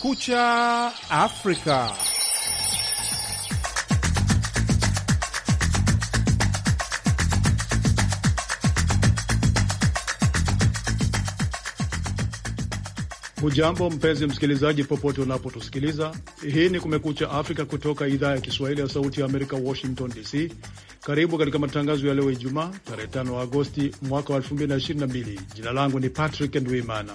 Kumekucha Afrika. Hujambo mpenzi msikilizaji, popote unapotusikiliza. Hii ni Kumekucha Afrika kutoka idhaa ya Kiswahili ya Sauti ya Amerika, Washington DC. Karibu katika matangazo ya leo Ijumaa, tarehe 5 Agosti mwaka wa 2022. Jina langu ni Patrick Ndwimana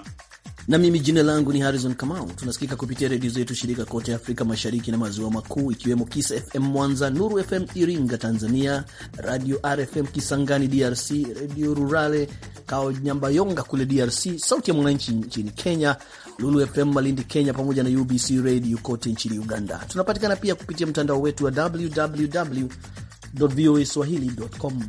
na mimi jina langu ni Harrison Kamau. Tunasikika kupitia redio zetu shirika kote Afrika Mashariki na Maziwa Makuu, ikiwemo Kisa FM Mwanza, Nuru FM Iringa Tanzania, Radio RFM Kisangani DRC, Redio Rurale Kaonyambayonga kule DRC, Sauti ya Mwananchi nchini Kenya, Lulu FM Malindi Kenya, pamoja na UBC Radio kote nchini Uganda. Tunapatikana pia kupitia mtandao wetu wa www voa swahili.com.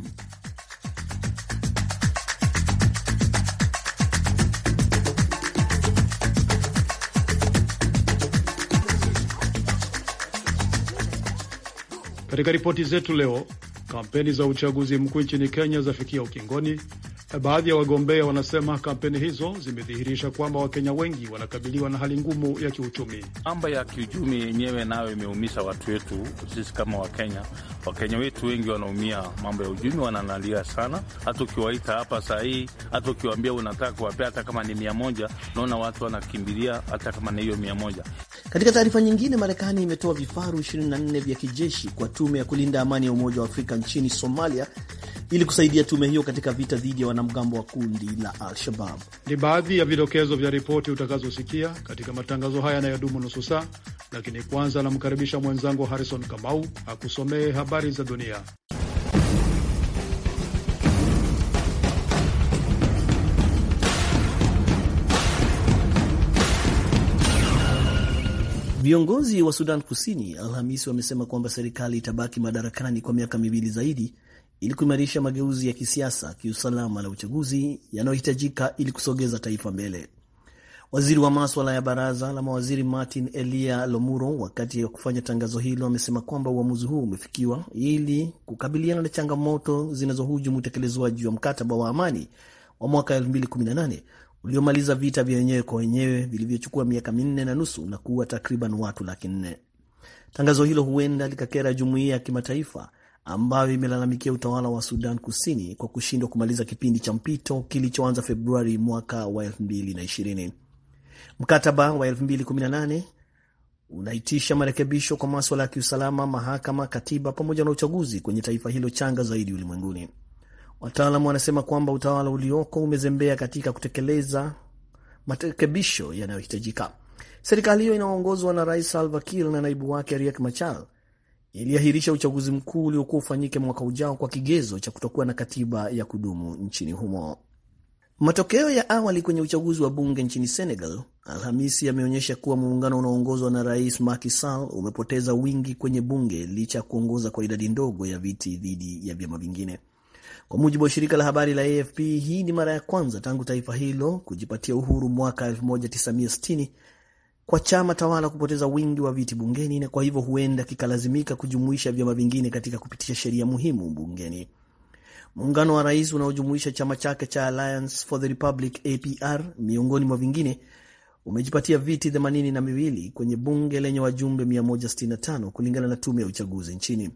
Katika ripoti zetu leo, kampeni za uchaguzi mkuu nchini Kenya zafikia ukingoni Eh, baadhi ya wagombea wanasema kampeni hizo zimedhihirisha kwamba Wakenya wengi wanakabiliwa na hali ngumu ya kiuchumi. Amba ya kiuchumi yenyewe nayo imeumisha watu wetu sisi kama Wakenya. Wakenya wetu wengi wanaumia mambo ya uchumi, wananalia sana. Hata ukiwaita hapa sahii hata ukiwaambia unataka kuwapea hata kama ni mia moja, unaona watu wanakimbilia hata kama ni hiyo mia moja. Katika taarifa nyingine, Marekani imetoa vifaru 24 vya kijeshi kwa tume ya kulinda amani ya Umoja wa Afrika nchini Somalia ili kusaidia tume hiyo katika vita dhidi ya wanamgambo wa kundi la Al-Shabab. Ni baadhi ya vidokezo vya ripoti utakazosikia katika matangazo haya yanayodumu nusu saa, lakini kwanza anamkaribisha mwenzangu Harrison Kamau akusomee habari za dunia. Viongozi wa Sudan Kusini Alhamisi wamesema kwamba serikali itabaki madarakani kwa miaka miwili zaidi ili kuimarisha mageuzi ya kisiasa, kiusalama na uchaguzi yanayohitajika ili kusogeza taifa mbele. Waziri wa maswala ya baraza la mawaziri Martin Elia Lomuro, wakati wa kufanya tangazo hilo, amesema kwamba uamuzi huo umefikiwa ili kukabiliana na changamoto zinazohujumu utekelezwaji wa mkataba wa amani wa mwaka 2018 uliomaliza vita vya wenyewe kwa wenyewe vilivyochukua miaka minne na nusu na kuua takriban watu laki nne. Tangazo hilo huenda likakera jumuiya ya kimataifa ambayo imelalamikia utawala wa Sudan Kusini kwa kushindwa kumaliza kipindi cha mpito kilichoanza Februari mwaka wa 2020. Mkataba wa 2018 unaitisha marekebisho kwa maswala ya kiusalama, mahakama, katiba pamoja na uchaguzi kwenye taifa hilo changa zaidi ulimwenguni. Wataalamu wanasema kwamba utawala ulioko umezembea katika kutekeleza marekebisho yanayohitajika. Serikali hiyo inaongozwa na Rais Salva Kiir na naibu wake Riek Machar iliahirisha uchaguzi mkuu uliokuwa ufanyike mwaka ujao kwa kigezo cha kutokuwa na katiba ya kudumu nchini humo. Matokeo ya awali kwenye uchaguzi wa bunge nchini Senegal Alhamisi yameonyesha kuwa muungano unaoongozwa na Rais Macky Sall umepoteza wingi kwenye bunge licha ya kuongoza kwa idadi ndogo ya viti dhidi ya vyama vingine. Kwa mujibu wa shirika la habari la AFP, hii ni mara ya kwanza tangu taifa hilo kujipatia uhuru mwaka kwa chama tawala kupoteza wingi wa viti bungeni na kwa hivyo huenda kikalazimika kujumuisha vyama vingine katika kupitisha sheria muhimu bungeni. Muungano wa rais unaojumuisha chama chake cha Alliance for the Republic APR miongoni mwa vingine umejipatia viti themanini na miwili kwenye bunge lenye wajumbe 165 kulingana na tume ya uchaguzi nchini.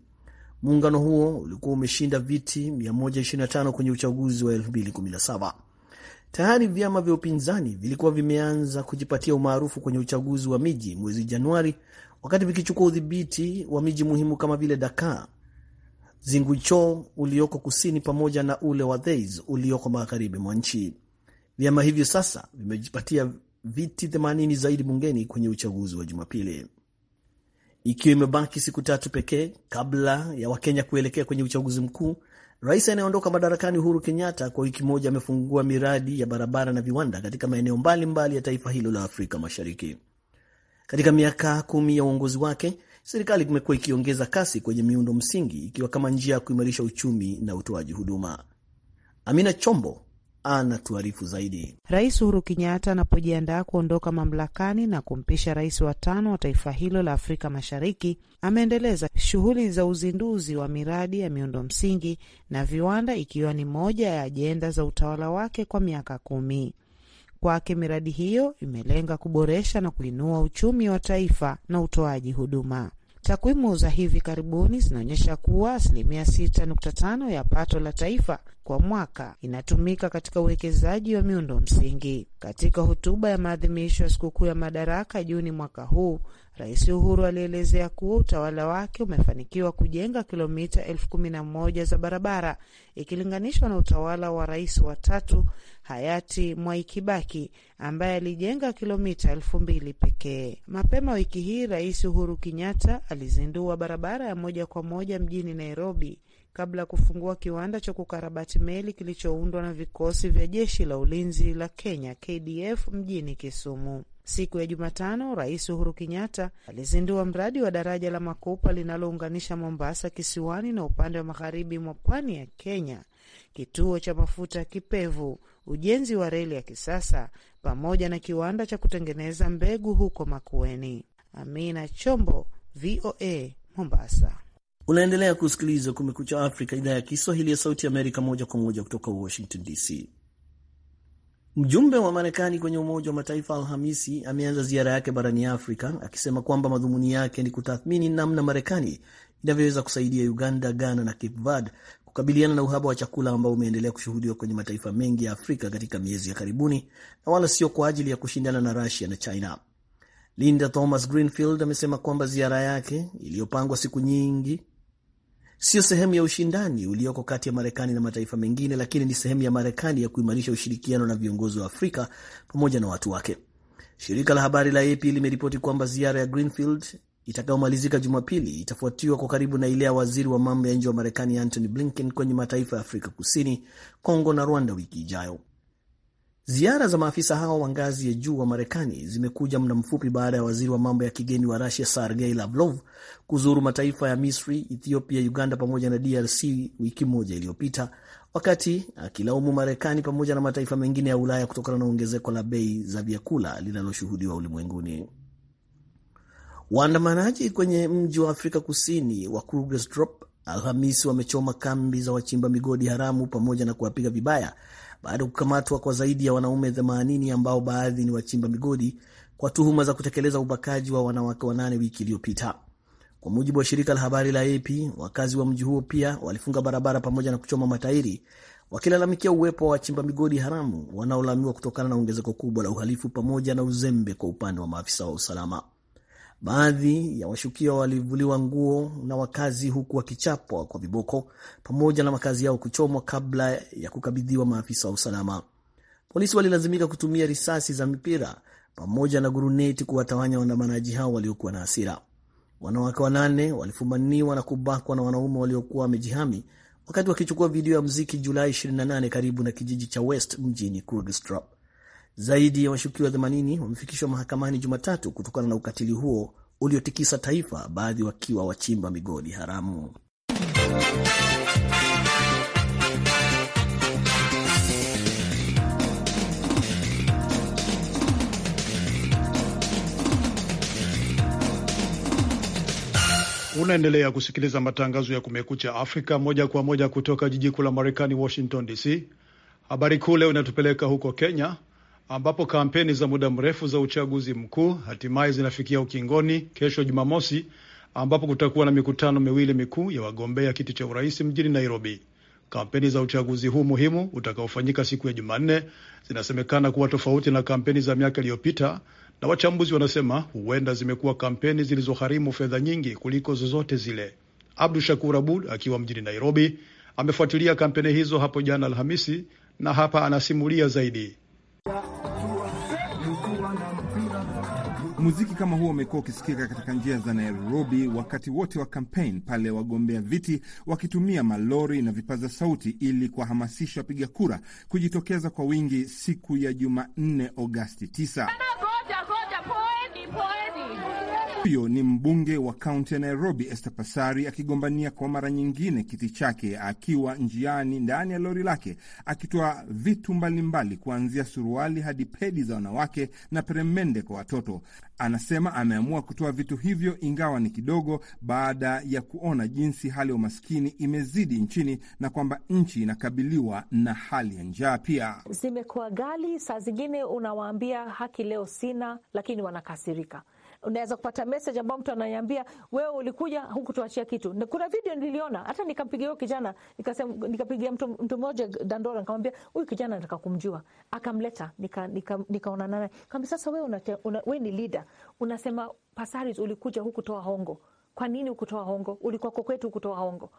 Muungano huo ulikuwa umeshinda viti 125 kwenye uchaguzi wa 2017. Tayari vyama vya upinzani vilikuwa vimeanza kujipatia umaarufu kwenye uchaguzi wa miji mwezi Januari, wakati vikichukua udhibiti wa miji muhimu kama vile Dakar, zingucho ulioko kusini pamoja na ule wa Thies ulioko magharibi mwa nchi. Vyama hivyo sasa vimejipatia viti 80 zaidi bungeni kwenye uchaguzi wa Jumapili. Ikiwa imebaki siku tatu pekee kabla ya Wakenya kuelekea kwenye uchaguzi mkuu, Rais anayeondoka madarakani Uhuru Kenyatta kwa wiki moja amefungua miradi ya barabara na viwanda katika maeneo mbalimbali ya taifa hilo la Afrika Mashariki. Katika miaka kumi ya uongozi wake, serikali imekuwa ikiongeza kasi kwenye miundo msingi, ikiwa kama njia ya kuimarisha uchumi na utoaji huduma. Amina Chombo anatuarifu zaidi. Rais Uhuru Kenyatta anapojiandaa kuondoka mamlakani na kumpisha rais wa tano wa taifa hilo la Afrika Mashariki, ameendeleza shughuli za uzinduzi wa miradi ya miundo msingi na viwanda, ikiwa ni moja ya ajenda za utawala wake kwa miaka kumi. Kwake miradi hiyo imelenga kuboresha na kuinua uchumi wa taifa na utoaji huduma. Takwimu za hivi karibuni zinaonyesha kuwa asilimia 6.5 ya pato la taifa kwa mwaka inatumika katika uwekezaji wa miundo msingi. Katika hotuba ya maadhimisho ya sikukuu ya Madaraka Juni mwaka huu, Rais Uhuru alielezea kuwa utawala wake umefanikiwa kujenga kilomita elfu kumi na moja za barabara ikilinganishwa na utawala wa rais wa tatu hayati Mwai Kibaki ambaye alijenga kilomita elfu mbili pekee. Mapema wiki hii, Rais Uhuru Kenyatta alizindua barabara ya moja kwa moja mjini Nairobi kabla ya kufungua kiwanda cha kukarabati meli kilichoundwa na vikosi vya jeshi la ulinzi la Kenya KDF mjini Kisumu. Siku ya Jumatano, Rais Uhuru Kenyatta alizindua mradi wa daraja la Makupa linalounganisha Mombasa kisiwani na upande wa magharibi mwa pwani ya Kenya, kituo cha mafuta Kipevu, ujenzi wa reli ya kisasa pamoja na kiwanda cha kutengeneza mbegu huko Makueni. Amina Chombo, VOA Mombasa. Unaendelea kusikiliza Kumekucha Afrika, idhaa ya Kiswahili ya Sauti ya Amerika, moja kwa moja kutoka Washington DC. Mjumbe wa Marekani kwenye Umoja wa Mataifa Alhamisi ameanza ziara yake barani Afrika akisema kwamba madhumuni yake ni kutathmini namna Marekani inavyoweza kusaidia Uganda, Ghana na Cape Verde kukabiliana na uhaba wa chakula ambao umeendelea kushuhudiwa kwenye mataifa mengi ya Afrika katika miezi ya karibuni na wala sio kwa ajili ya kushindana na rusia na China. Linda Thomas Greenfield amesema kwamba ziara yake iliyopangwa siku nyingi sio sehemu ya ushindani ulioko kati ya Marekani na mataifa mengine, lakini ni sehemu ya Marekani ya kuimarisha ushirikiano na viongozi wa Afrika pamoja na watu wake. Shirika la habari la AP limeripoti kwamba ziara ya Greenfield itakayomalizika Jumapili itafuatiwa kwa karibu na ile ya waziri wa mambo ya nje wa Marekani Antony Blinken kwenye mataifa ya Afrika Kusini, Kongo na Rwanda wiki ijayo. Ziara za maafisa hao wa ngazi ya juu wa Marekani zimekuja muda mfupi baada ya waziri wa mambo ya kigeni wa Rusia Sergei Lavrov kuzuru mataifa ya Misri, Ethiopia, Uganda pamoja na DRC wiki moja iliyopita, wakati akilaumu Marekani pamoja na mataifa mengine ya Ulaya kutokana na ongezeko la bei za vyakula linaloshuhudiwa ulimwenguni. Waandamanaji kwenye mji wa Afrika Kusini wa Krugersdorp Alhamisi wamechoma kambi za wachimba migodi haramu pamoja na kuwapiga vibaya baada ya kukamatwa kwa zaidi ya wanaume 80 ambao baadhi ni wachimba migodi kwa tuhuma za kutekeleza ubakaji wa wanawake wanane wiki iliyopita. Kwa mujibu wa shirika la habari la AP, wakazi wa mji huo pia walifunga barabara pamoja na kuchoma matairi, wakilalamikia uwepo wa wachimba migodi haramu wanaolaumiwa kutokana na ongezeko kubwa la uhalifu pamoja na uzembe kwa upande wa maafisa wa usalama. Baadhi ya washukiwa walivuliwa nguo na wakazi huku wakichapwa kwa viboko pamoja na makazi yao kuchomwa kabla ya kukabidhiwa maafisa wa usalama. Polisi walilazimika kutumia risasi za mipira pamoja na guruneti kuwatawanya waandamanaji hao waliokuwa na hasira. Wanawake wanane walifumaniwa na kubakwa na wanaume waliokuwa wamejihami wakati wakichukua video ya mziki Julai 28 karibu na kijiji cha West mjini Kurdistan. Zaidi ya washukiwa 80 wamefikishwa mahakamani Jumatatu kutokana na ukatili huo uliotikisa taifa, baadhi wakiwa wachimba migodi haramu. Unaendelea kusikiliza matangazo ya Kumekucha Afrika moja kwa moja kutoka jiji kuu la Marekani, Washington DC. Habari kuu leo inatupeleka huko Kenya ambapo kampeni za muda mrefu za uchaguzi mkuu hatimaye zinafikia ukingoni kesho Jumamosi, ambapo kutakuwa na mikutano miwili mikuu ya wagombea kiti cha urais mjini Nairobi. Kampeni za uchaguzi huu muhimu utakaofanyika siku ya Jumanne zinasemekana kuwa tofauti na kampeni za miaka iliyopita, na wachambuzi wanasema huenda zimekuwa kampeni zilizogharimu fedha nyingi kuliko zozote zile. Abdu Shakur Abud akiwa mjini Nairobi amefuatilia kampeni hizo hapo jana Alhamisi, na hapa anasimulia zaidi. Muziki kama huo umekuwa ukisikika katika njia za Nairobi wakati wote wa kampein, pale wagombea viti wakitumia malori na vipaza sauti ili kuwahamasisha wapiga kura kujitokeza kwa wingi siku ya Jumanne, Agosti 9. Huyo ni mbunge wa kaunti ya Nairobi, Esther Pasari, akigombania kwa mara nyingine kiti chake, akiwa njiani ndani ya lori lake akitoa vitu mbalimbali, kuanzia suruali hadi pedi za wanawake na peremende kwa watoto. Anasema ameamua kutoa vitu hivyo, ingawa ni kidogo, baada ya kuona jinsi hali ya umaskini imezidi nchini na kwamba nchi inakabiliwa na hali ya njaa. Pia zimekuwa gali saa zingine unawaambia haki leo sina, lakini wanakasirika unaweza kupata message ambayo mtu ananiambia wewe ulikuja hukutuachia kitu. Kuna video niliona hata nikampigia huyo kijana nikasema, nikapigia mtu mtu mmoja Dandora, nikamwambia huyu kijana nataka kumjua, akamleta nikaona nika, nika naye nikamwambia, sasa wewe una, wewe ni leader unasema Pasaris ulikuja hukutoa hongo. Kwa nini hukutoa hongo? Ulikuwa kwetu hukutoa hongo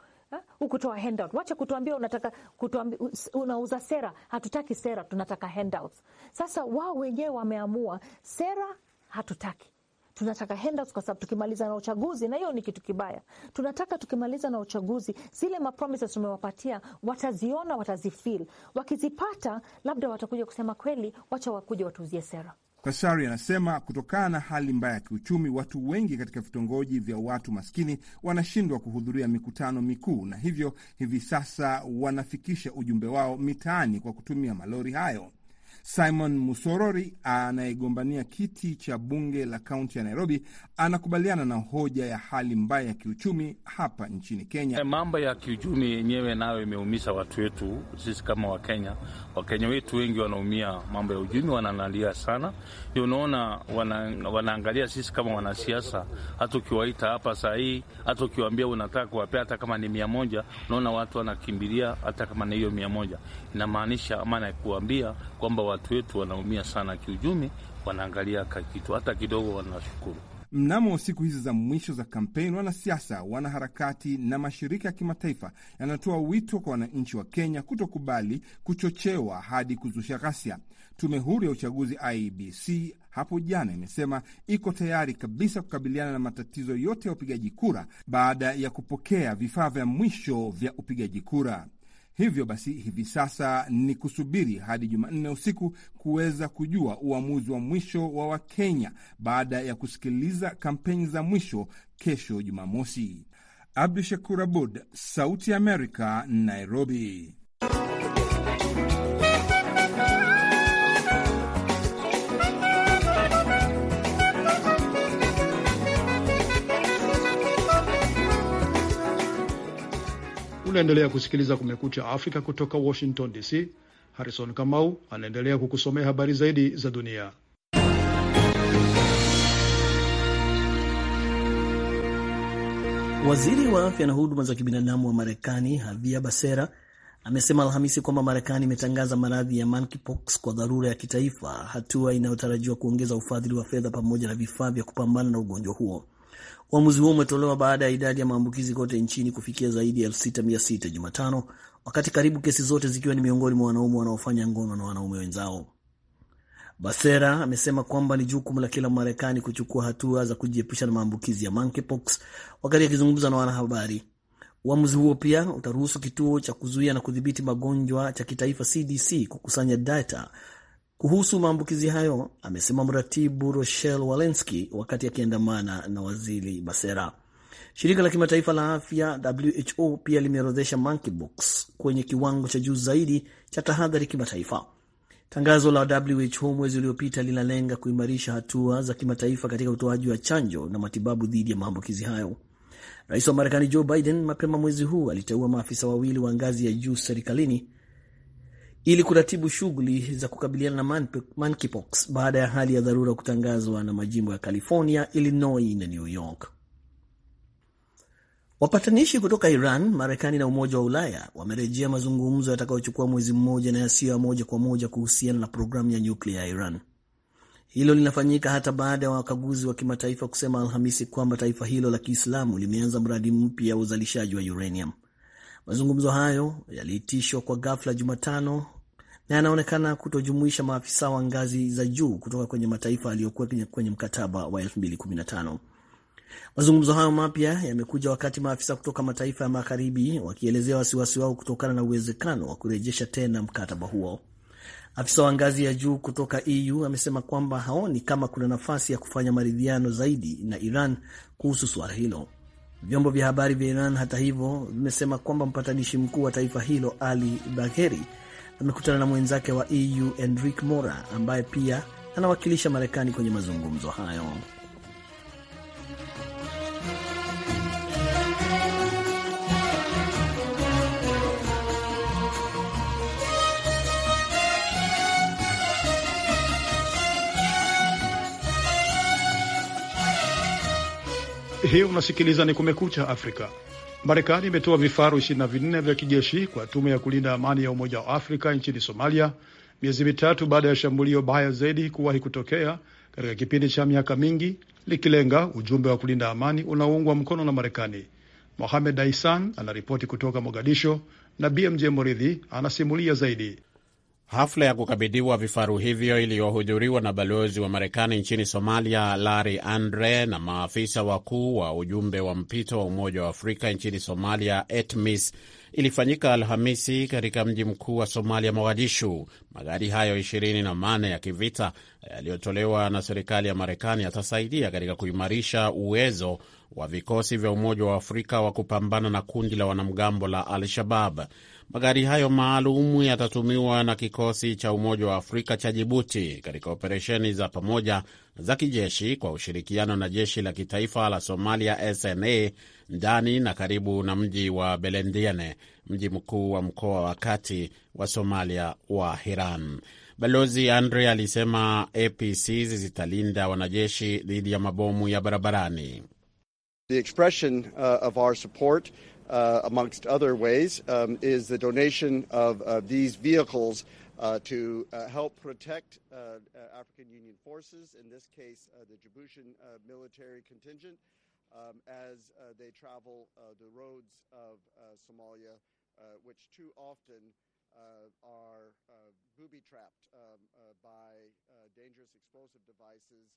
hukutoa handout. Wacha kutuambia unataka kutuambia, unauza sera. Hatutaki sera, tunataka handouts. Sasa wao wenyewe wameamua sera hatutaki tunataka handout kwa sababu tukimaliza na uchaguzi, na hiyo ni kitu kibaya. Tunataka tukimaliza na uchaguzi, zile mapromises tumewapatia wataziona, watazifeel. Wakizipata labda watakuja kusema kweli, wacha wakuja watuuzie sera. Kashari anasema kutokana na hali mbaya ya kiuchumi, watu wengi katika vitongoji vya watu maskini wanashindwa kuhudhuria mikutano mikuu, na hivyo hivi sasa wanafikisha ujumbe wao mitaani kwa kutumia malori hayo. Simon Musorori anayegombania kiti cha bunge la kaunti ya Nairobi anakubaliana na hoja ya hali mbaya ya kiuchumi hapa nchini Kenya. Eh, mambo ya kiuchumi yenyewe nayo imeumisha watu wetu sisi kama Wakenya. Wakenya wetu wengi wanaumia mambo ya uchumi, wanaangalia sana. Unaona, wana, wanaangalia sisi kama wanasiasa, hata ukiwaita hapa saa hii, hata ukiwaambia unataka kuwapea hata kama ni mia moja, unaona watu wanakimbilia hata kama ni hiyo mia moja. Inamaanisha ama nakuambia kwamba watu wetu wanaumia sana kiujumi, wanaangalia kakitu hata kidogo, wanashukuru. Mnamo siku hizi za mwisho za kampeni, wanasiasa, wanaharakati na mashirika ya kimataifa yanatoa wito kwa wananchi wa Kenya kutokubali kuchochewa hadi kuzusha ghasia. Tume huru ya uchaguzi IEBC hapo jana imesema iko tayari kabisa kukabiliana na matatizo yote ya upigaji kura baada ya kupokea vifaa vya mwisho vya upigaji kura. Hivyo basi hivi sasa ni kusubiri hadi Jumanne usiku kuweza kujua uamuzi wa mwisho wa Wakenya baada ya kusikiliza kampeni za mwisho kesho Jumamosi. Abdu Shakur Abud, Sauti ya Amerika, Nairobi. Unaendelea kusikiliza Kumekucha Afrika kutoka Washington DC. Harrison Kamau anaendelea kukusomea habari zaidi za dunia. Waziri wa afya na huduma za kibinadamu wa Marekani Javier Becerra amesema Alhamisi kwamba Marekani imetangaza maradhi ya monkeypox kwa dharura ya kitaifa, hatua inayotarajiwa kuongeza ufadhili wa fedha pamoja na vifaa vya kupambana na ugonjwa huo. Uamuzi huo umetolewa baada ya idadi ya maambukizi kote nchini kufikia zaidi ya 6600 Jumatano, wakati karibu kesi zote zikiwa ni miongoni mwa wanaume wanaofanya ngono na wanaume wenzao. Basera amesema kwamba ni jukumu la kila Marekani kuchukua hatua za kujiepusha na maambukizi ya monkeypox. Wakati akizungumza na wanahabari, uamuzi huo pia utaruhusu kituo cha kuzuia na kudhibiti magonjwa cha kitaifa CDC kukusanya data kuhusu maambukizi hayo, amesema mratibu Rochelle Walensky wakati akiandamana na waziri Basera. Shirika la kimataifa la afya WHO pia limeorodhesha monkeypox kwenye kiwango cha juu zaidi cha tahadhari kimataifa. Tangazo la WHO mwezi uliopita linalenga kuimarisha hatua za kimataifa katika utoaji wa chanjo na matibabu dhidi ya maambukizi hayo. Rais wa Marekani Joe Biden mapema mwezi huu aliteua maafisa wawili wa ngazi ya juu serikalini ili kuratibu shughuli za kukabiliana na monkeypox baada ya hali ya dharura kutangazwa na majimbo ya California, Illinois na New York. Wapatanishi kutoka Iran, Marekani na Umoja wa Ulaya wamerejea mazungumzo yatakayochukua mwezi mmoja na yasiyo ya moja kwa moja kuhusiana na programu ya nyuklia ya Iran. Hilo linafanyika hata baada ya wakaguzi wa kimataifa kusema Alhamisi kwamba taifa hilo la Kiislamu limeanza mradi mpya wa uzalishaji wa uranium. Mazungumzo hayo yaliitishwa kwa ghafla Jumatano na yanaonekana kutojumuisha maafisa wa ngazi za juu kutoka kwenye mataifa aliyokuwa kwenye mkataba wa 2015. Mazungumzo hayo mapya yamekuja wakati maafisa kutoka mataifa ya magharibi wakielezea wasiwasi wao kutokana na uwezekano wa kurejesha tena mkataba huo. Afisa wa ngazi ya juu kutoka EU amesema kwamba haoni kama kuna nafasi ya kufanya maridhiano zaidi na Iran kuhusu suala hilo. Vyombo vya habari vya Iran hata hivyo vimesema kwamba mpatanishi mkuu wa taifa hilo Ali Bagheri amekutana na mwenzake wa EU Enrique Mora ambaye pia anawakilisha Marekani kwenye mazungumzo hayo. hii unasikiliza ni Kumekucha Afrika. Marekani imetoa vifaru 24 vya kijeshi kwa tume ya kulinda amani ya Umoja wa Afrika nchini Somalia, miezi mitatu baada ya shambulio baya zaidi kuwahi kutokea katika kipindi cha miaka mingi, likilenga ujumbe wa kulinda amani unaoungwa mkono na Marekani. Mohamed Aisan anaripoti kutoka Mogadisho na BMJ Moridhi anasimulia zaidi. Hafla ya kukabidhiwa vifaru hivyo iliyohudhuriwa na balozi wa Marekani nchini Somalia Larry Andre na maafisa wakuu wa ujumbe wa mpito wa Umoja wa Afrika nchini Somalia ETMIS ilifanyika Alhamisi katika mji mkuu wa Somalia, Mogadishu. Magari hayo ishirini na mane ya kivita yaliyotolewa na serikali ya Marekani yatasaidia katika kuimarisha uwezo wa vikosi vya Umoja wa Afrika wa kupambana na kundi la wanamgambo la Al-Shabab. Magari hayo maalum yatatumiwa na kikosi cha Umoja wa Afrika cha Jibuti katika operesheni za pamoja za kijeshi kwa ushirikiano na jeshi la kitaifa la Somalia SNA ndani na karibu na mji wa Belendiane, mji mkuu wa mkoa wa kati wa Somalia wa Hiran. Balozi Andre alisema APC zitalinda wanajeshi dhidi ya mabomu ya barabarani. The expression uh, of our support, uh, amongst other ways, um, is the donation of, of uh, these vehicles uh, to uh, help protect African Union forces, in this case, the Djiboutian military contingent, um, as they travel the roads of Somalia, which too often are booby trapped um, by dangerous explosive devices.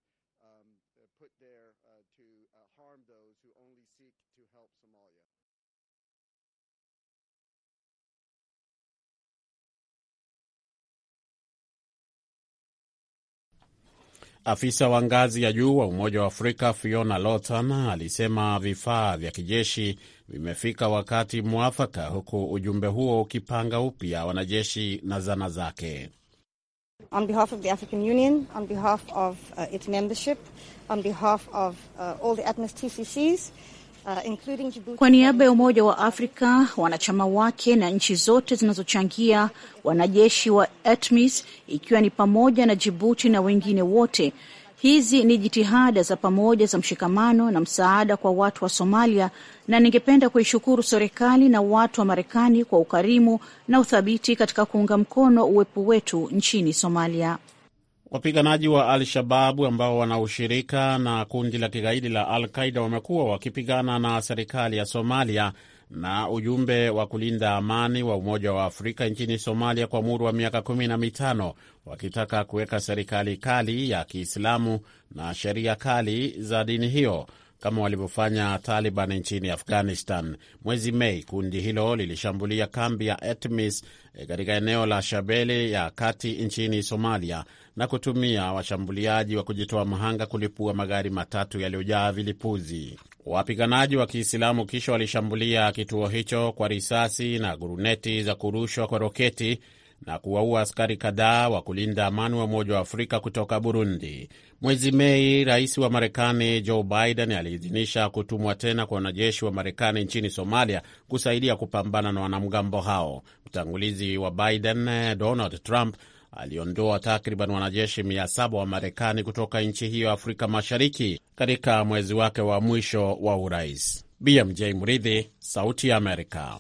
um, uh, put there uh, to uh, harm those who only seek to help Somalia. Afisa wa ngazi ya juu wa Umoja wa Afrika Fiona lotan alisema vifaa vya kijeshi vimefika wakati mwafaka, huku ujumbe huo ukipanga upya wanajeshi na zana zake. On behalf of the African Union, on behalf of uh, its membership, on behalf of uh, all the ATMIS TCCs, Uh, kwa niaba ya Umoja wa Afrika, wanachama wake na nchi zote zinazochangia wanajeshi wa ATMIS ikiwa ni pamoja na Djibouti na wengine wote Hizi ni jitihada za pamoja za mshikamano na msaada kwa watu wa Somalia, na ningependa kuishukuru serikali na watu wa Marekani kwa ukarimu na uthabiti katika kuunga mkono uwepo wetu nchini Somalia. Wapiganaji wa Al-Shababu ambao wana ushirika na kundi la kigaidi la Al Qaida wamekuwa wakipigana na serikali ya Somalia na ujumbe wa kulinda amani wa Umoja wa Afrika nchini Somalia kwa muda wa miaka kumi na mitano wakitaka kuweka serikali kali ya Kiislamu na sheria kali za dini hiyo kama walivyofanya Taliban nchini Afghanistan. Mwezi Mei, kundi hilo lilishambulia kambi ya Etmis eh, katika eneo la Shabele ya kati nchini Somalia na kutumia washambuliaji wa kujitoa mhanga kulipua magari matatu yaliyojaa vilipuzi. Wapiganaji wa Kiislamu kisha walishambulia kituo hicho kwa risasi na guruneti za kurushwa kwa roketi na kuwaua askari kadhaa wa kulinda amani wa Umoja wa Afrika kutoka Burundi. Mwezi Mei, rais wa Marekani Joe Biden aliidhinisha kutumwa tena kwa wanajeshi wa Marekani nchini Somalia kusaidia kupambana na wanamgambo hao. Mtangulizi wa Biden Donald Trump aliondoa takriban wanajeshi 700 wa Marekani kutoka nchi hiyo Afrika Mashariki katika mwezi wake wa mwisho wa urais. BMJ Mridhi, Sauti ya Amerika.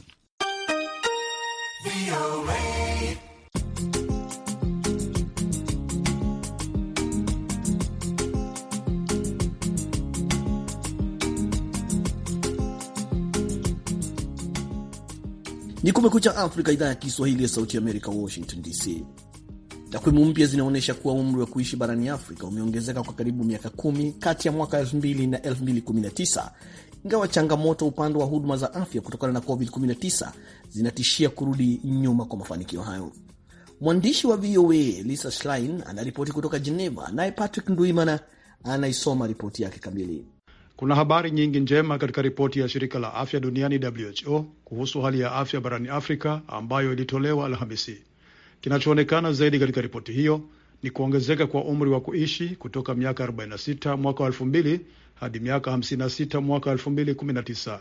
Ni Kumekucha Afrika, idhaa ya Kiswahili ya Sauti Amerika, Washington DC. Takwimu mpya zinaonyesha kuwa umri wa kuishi barani Afrika umeongezeka kwa karibu miaka kumi kati ya mwaka 2000 na 2019, ingawa changamoto upande wa huduma za afya kutokana na COVID-19 zinatishia kurudi nyuma kwa mafanikio hayo. Mwandishi wa VOA Lisa Schlein anaripoti kutoka Geneva, naye Patrick Nduimana anaisoma ripoti yake kamili. Kuna habari nyingi njema katika ripoti ya shirika la afya duniani WHO kuhusu hali ya afya barani Afrika ambayo ilitolewa Alhamisi. Kinachoonekana zaidi katika ripoti hiyo ni kuongezeka kwa umri wa kuishi kutoka miaka 46 mwaka 2000 hadi miaka 56 mwaka 2019.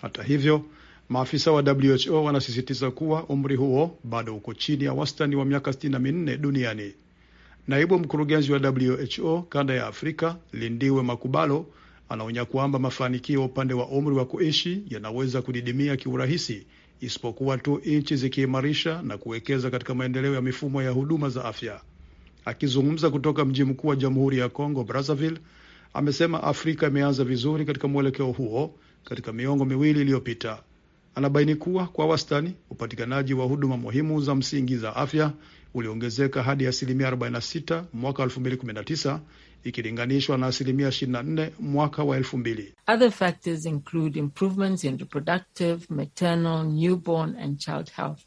Hata hivyo, maafisa wa WHO wanasisitiza kuwa umri huo bado uko chini ya wastani wa miaka 64 duniani. Naibu mkurugenzi wa WHO kanda ya Afrika, Lindiwe Makubalo, anaonya kwamba mafanikio upande wa umri wa kuishi yanaweza kudidimia kiurahisi isipokuwa tu nchi zikiimarisha na kuwekeza katika maendeleo ya mifumo ya huduma za afya. Akizungumza kutoka mji mkuu wa Jamhuri ya congo Brazzaville, amesema Afrika imeanza vizuri katika mwelekeo huo katika miongo miwili iliyopita. Anabaini kuwa kwa wastani upatikanaji wa huduma muhimu za msingi za afya uliongezeka hadi asilimia 46 mwaka ikilinganishwa na asilimia 24 mwaka wa elfu mbili. Other factors include improvements in reproductive, maternal, newborn and child health.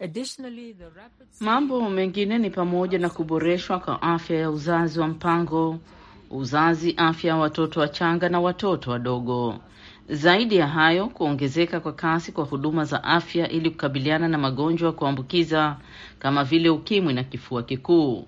Additionally, the rapid... mambo mengine ni pamoja na kuboreshwa kwa afya ya uzazi wa mpango, uzazi, afya ya watoto wachanga na watoto wadogo. Zaidi ya hayo, kuongezeka kwa kasi kwa huduma za afya ili kukabiliana na magonjwa ya kuambukiza kama vile ukimwi na kifua kikuu.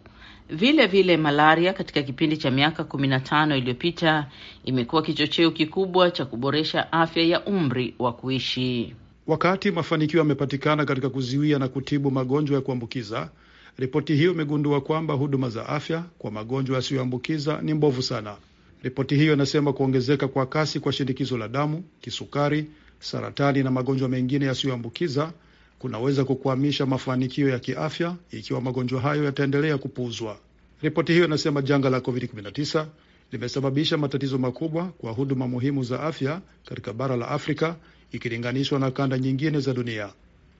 Vile vile malaria katika kipindi cha miaka 15 iliyopita imekuwa kichocheo kikubwa cha kuboresha afya ya umri wa kuishi. Wakati mafanikio yamepatikana katika kuzuia na kutibu magonjwa ya kuambukiza, ripoti hiyo imegundua kwamba huduma za afya kwa magonjwa yasiyoambukiza ni mbovu sana. Ripoti hiyo inasema kuongezeka kwa kasi kwa shinikizo la damu, kisukari, saratani na magonjwa mengine yasiyoambukiza kunaweza kukwamisha mafanikio ya kiafya ikiwa magonjwa hayo yataendelea kupuuzwa. Ripoti hiyo inasema janga la COVID-19 limesababisha matatizo makubwa kwa huduma muhimu za afya katika bara la Afrika ikilinganishwa na kanda nyingine za dunia.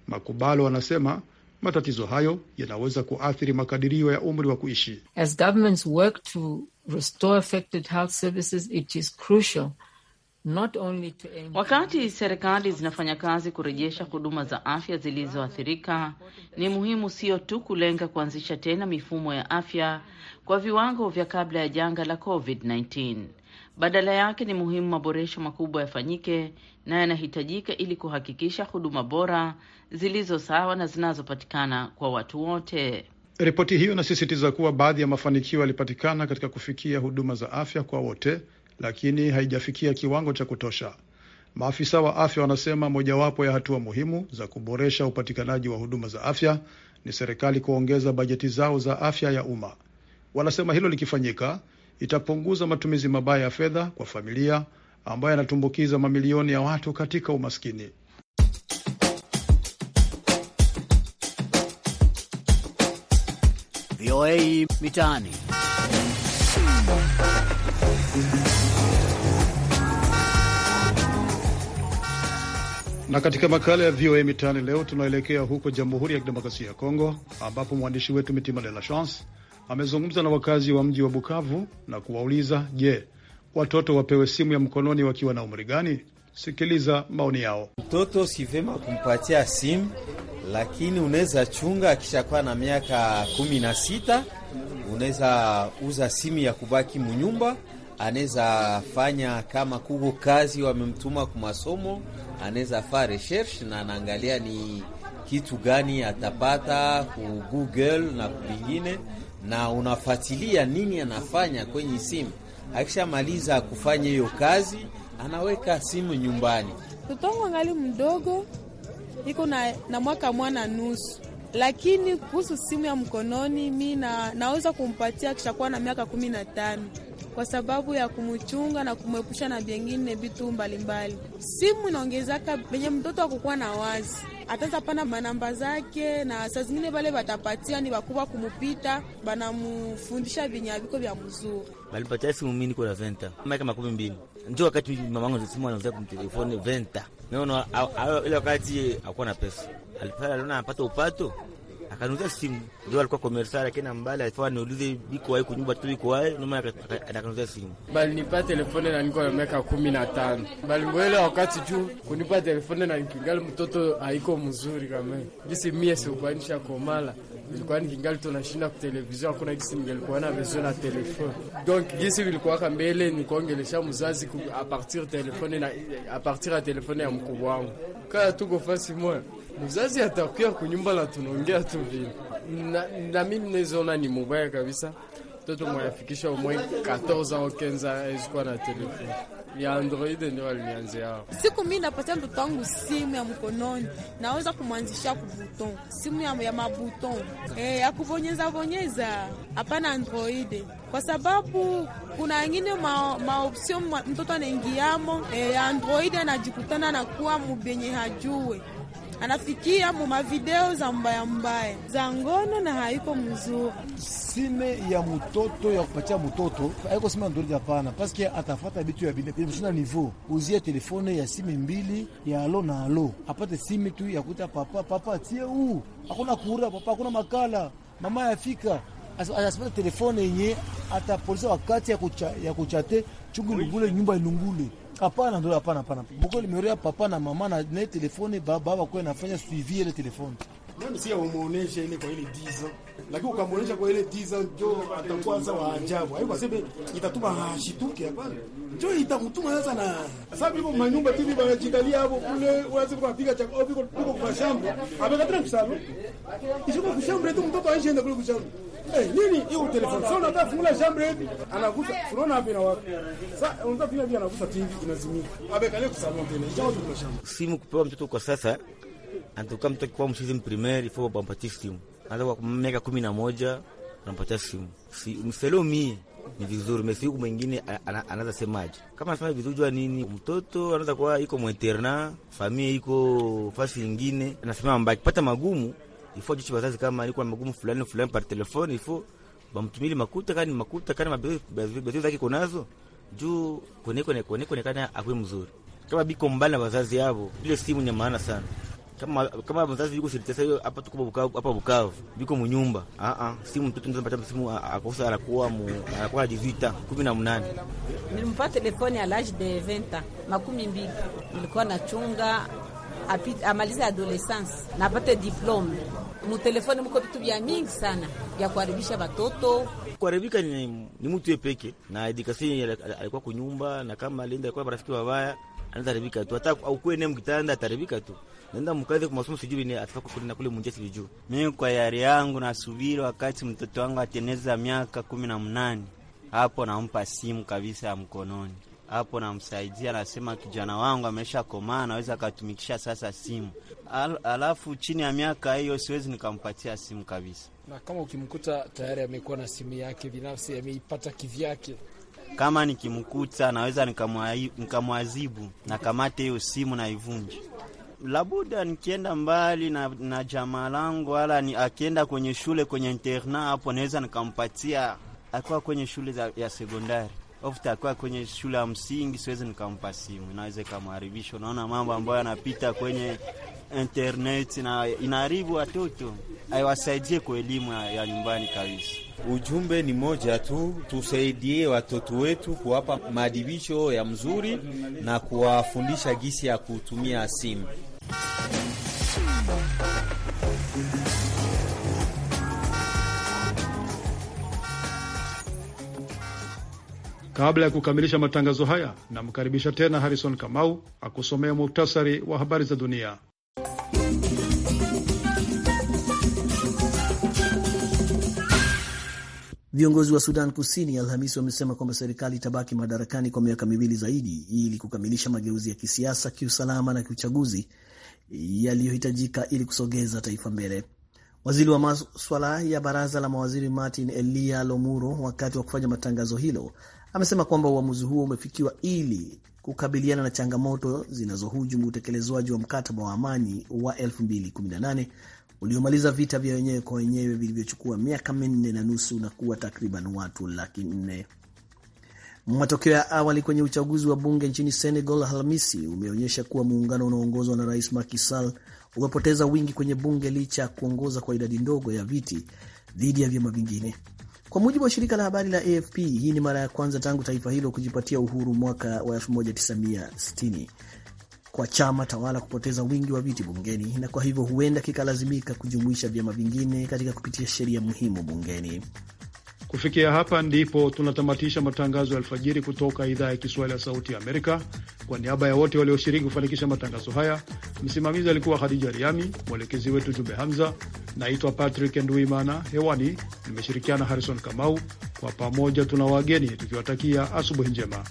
Makubalo anasema matatizo hayo yanaweza kuathiri makadirio ya umri wa kuishi. As governments work to restore affected health services, it is crucial Not only to... Wakati serikali zinafanya kazi kurejesha huduma za afya zilizoathirika, ni muhimu sio tu kulenga kuanzisha tena mifumo ya afya kwa viwango vya kabla ya janga la COVID-19. Badala yake ni muhimu maboresho makubwa yafanyike na yanahitajika ili kuhakikisha huduma bora zilizo sawa na zinazopatikana kwa watu wote. Ripoti hiyo inasisitiza kuwa baadhi ya mafanikio yalipatikana katika kufikia huduma za afya kwa wote lakini haijafikia kiwango cha kutosha. Maafisa wa afya wanasema mojawapo ya hatua muhimu za kuboresha upatikanaji wa huduma za afya ni serikali kuongeza bajeti zao za afya ya umma. Wanasema hilo likifanyika, itapunguza matumizi mabaya ya fedha kwa familia ambayo yanatumbukiza mamilioni ya watu katika umaskini. VOA Mitaani. Na katika makala ya VOA Mitaani leo tunaelekea huko Jamhuri ya Kidemokrasia ya Kongo, ambapo mwandishi wetu Mitima De La Chance amezungumza na wakazi wa mji wa Bukavu na kuwauliza, je, watoto wapewe simu ya mkononi wakiwa na umri gani? Sikiliza maoni yao. Mtoto si kumpatia simu, lakini unaweza chunga, akishakuwa na miaka kumi na sita unaweza uza simu ya kubaki munyumba anaweza fanya kama kuko kazi wamemtuma kwa masomo, anaweza fa research na anaangalia ni kitu gani atapata ku Google na kulingine, na unafuatilia nini anafanya kwenye simu. Akishamaliza kufanya hiyo kazi, anaweka simu nyumbani Mtoto wangu ngali mdogo iko na, na mwaka mwana nusu lakini kuhusu simu ya mkononi mi na, naweza kumpatia akishakuwa na miaka kumi na tano kwa sababu ya kumchunga na kumwepusha na vyengine vitu mbalimbali. Simu inaongezaka venye mtoto akukuwa na wazi ataza pana manamba zake, na saa zingine vale watapatia ni wakubwa kumupita, banamufundisha venye aviko vya mzuri. Balipatia simu mimi niko na venta miaka makumi mbili njo wakati mamangu simu anauzia kumtelefoni venta, naona ile wakati akuwa na pesa alipata aliona anapata upato akanuza simu ndio alikuwa komersa, lakini ambali alifaa niulize biko wapi kunyumba tu biko wapi nyuma, akanuza simu bali nipa telefone na niko miaka kumi na tano bali mbele wakati juu kunipa telefone na nikingali mtoto haiko mzuri kama jinsi mie sikuanisha komala ilikuwa nikingali tunashinda kutelevizio, hakuna jinsi ningelikuwa na besoin na telefone. Donc jinsi vilikuwa kama mbele mzazi a partir telefone na a partir ya telefone ya mkubwa wangu kaya tuko fasi moja mzazi atakuwa kunyumba la tunaongea tu vile na, na mimi nazoona ni mubaya kabisa. Mtoto mwayafikisha umwe 14 au 15 ezikuwa na telefoni ya Android ndio alianza yao. Siku mimi napatia mtoto wangu simu ya mkononi, naweza kumwanzisha ku button, simu ya, ya mabuton eh, ya kubonyeza bonyeza, hapana Android, kwa sababu kuna wengine ma, maopsion mtoto anaingiamo eh, ya Android anajikutana na kuwa mbenye hajue anafikia mu za mbaya mbaya za ngono na haiko mzuri. Sime ya mtoto ya kupatia mtoto haiko sime nzuri, hapana, paske atafata bitu ya bile kwenye nivo uzie telefone ya sime mbili ya alo na alo, apate sime tu ya kuita papa papa tie u hakuna kura papa, hakuna makala mama yafika asipate telefone yenye atapolisa wakati ya kuchate chungu lungule nyumba ilungule Hapana, ndio hapana, hapana. Buko limeorea papa na mama na ne telefone baba baba kwa nafanya suivi ile telefone. Mimi si umuoneshe ile kwa ile 10 ans. Lakini ukamuonesha kwa ile 10 ans ndio atakuwa sasa wa ajabu. Haiko sebe itatuma hashituke hapana. Ndio itamtuma sasa na sababu hivyo manyumba tivi wanajikalia hapo kule wazi kwa piga cha au oh, biko biko kwa shamba. Amekatana kusalo. Isiko kushamba ndio mtoto aishaenda kule kushamba. Hey, eh, nini hiyo telefoni? unataka hivi, anagusa unaona wapi? Sasa unataka anagusa TV inazimika. tena. tu Simu kupewa mtoto kwa sasa. Anatoka mtoto kwa msizi primaire, ifo bampatie simu. Anaanza kwa miaka moja anampatia simu. Si mselo mie ni vizuri mesi huku mwingine anaanza semaje? Kama anasema vizuri, jua nini, mtoto anaza kwa iko mwinterna, familia iko fasi ingine anasema mbaki pata magumu ifo jicho bazazi kama alikuwa na magumu fulani fulani par telefoni, ifo bamtumili makuta kani makuta kani mabezi zake konazo juu koneko ne koneko ne kana akwe mzuri kama biko mbali na bazazi yabo. Ile simu ni maana sana, kama kama mzazi yuko sitesa hiyo hapa tuko Bukavu, hapa Bukavu biko munyumba a ah, a ah, simu, mtoto ndio mpata simu akosa, ah, anakuwa anakuwa 18 18. Nilimpata telefoni a de 20 ans, makumi mbili, nilikuwa nachunga apit amaliza adolescence, napata diplome mutelefone muko vitu vya mingi sana ya kuharibisha watoto. Kuharibika ni, ni mtu yepeke na edikasi alikuwa kunyumba, na kama alienda alikuwa marafiki wabaya haribika tu, hata aukuwe ne mkitanda ataribika tu, naenda mkazi kwa masomo sijui ni atafaka kufuna kule munje sijui. Mimi kwa yari yangu nasubiri wakati mtoto wangu ateneza miaka kumi na mnane, hapo nampa simu kabisa ya mkononi hapo namsaidia, anasema kijana wangu amesha komaa, naweza akatumikisha sasa simu Al, alafu chini ya miaka hiyo siwezi nikampatia simu kabisa, na kama ukimkuta tayari amekuwa na simu yake binafsi ameipata kivyake kama nikimkuta naweza nikamwazibu na kamate hiyo simu naivunji Labuda nikienda mbali na, na jamaa langu wala ni, akienda kwenye shule kwenye interna, hapo naweza nikampatia akiwa kwenye shule ya sekondari ofta akiwa kwenye shule ya msingi, siwezi nikampa simu, inaweza ikamharibisha. Unaona mambo ambayo yanapita kwenye internet na inaharibu watoto, aiwasaidie kwa elimu ya nyumbani kabisa. Ujumbe ni moja tu, tusaidie watoto wetu kuwapa maadibisho ya mzuri na kuwafundisha gisi ya kutumia simu. Kabla ya kukamilisha matangazo haya, namkaribisha tena Harrison Kamau akusomea muktasari wa habari za dunia. Viongozi wa Sudan Kusini Alhamisi wamesema kwamba serikali itabaki madarakani kwa miaka miwili zaidi ili kukamilisha mageuzi ya kisiasa, kiusalama na kiuchaguzi yaliyohitajika ili kusogeza taifa mbele. Waziri wa maswala ya baraza la mawaziri Martin Elia Lomuro, wakati wa kufanya matangazo hilo, amesema kwamba uamuzi huo umefikiwa ili kukabiliana na changamoto zinazohujumu utekelezwaji wa mkataba wa amani wa 2018 uliomaliza vita vya wenyewe kwa wenyewe vilivyochukua miaka minne na nusu na kuwa takriban watu laki nne. Matokeo ya awali kwenye uchaguzi wa bunge nchini Senegal Alhamisi umeonyesha kuwa muungano unaoongozwa na Rais Macky Sall umepoteza wingi kwenye bunge licha ya kuongoza kwa idadi ndogo ya viti dhidi ya vyama vingine. Kwa mujibu wa shirika la habari la AFP, hii ni mara ya kwanza tangu taifa hilo kujipatia uhuru mwaka wa 1960 kwa chama tawala kupoteza wingi wa viti bungeni, na kwa hivyo huenda kikalazimika kujumuisha vyama vingine katika kupitia sheria muhimu bungeni. Kufikia hapa ndipo tunatamatisha matangazo ya alfajiri kutoka idhaa ya Kiswahili ya Sauti ya Amerika. Kwa niaba ya wote walioshiriki kufanikisha matangazo haya, msimamizi alikuwa Hadija Riami, mwelekezi wetu Jumbe Hamza. Naitwa Patrick Nduimana, hewani nimeshirikiana Harrison Kamau. Kwa pamoja tuna wageni tukiwatakia asubuhi njema.